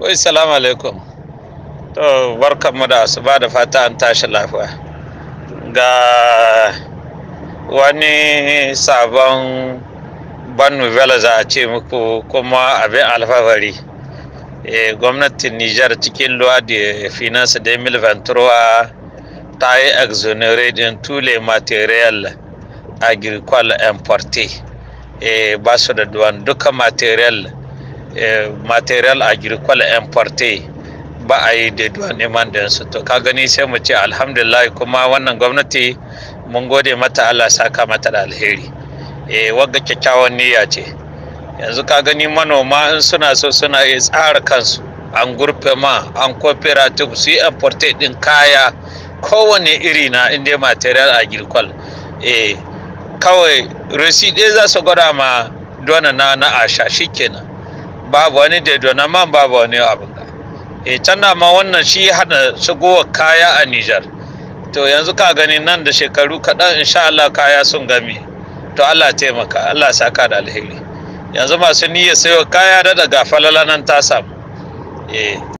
Wai salamu alaikum. To barkanmu da asuba da fata an tashi lafiya. Ga wani sabon ban novela za a ce muku kuma abin alfahari. Eh, gwamnatin Nijar cikin luwa da eh, finance da Emil Ventura ta yi exonerating tule material agricole importe. Eh, ba su da duwan duka material Eh, material agricole importe ba a yi neman da yansu to ka gani sai mu ce alhamdulillah kuma wannan gwamnati mun gode mata allah saka mata da alheri e wagga kyakkyawan niyya ce yanzu ka gani manoma in suna so suna iya tsara kansu an gurfe ma an cooperative su yi importe din kaya kowane iri na inda material agricole e eh, kawai resi ɗaya za su gwada ma dona na na asha shikenan babu wani na man babu wani abin da e tana ma wannan shi hana shigowa kaya a Nijar to yanzu ka gani nan da shekaru kaɗan insha Allah kaya sun gami to Allah taimaka Allah saka da alheri yanzu masu niyyar sayo kaya da daga falala nan ta samu eh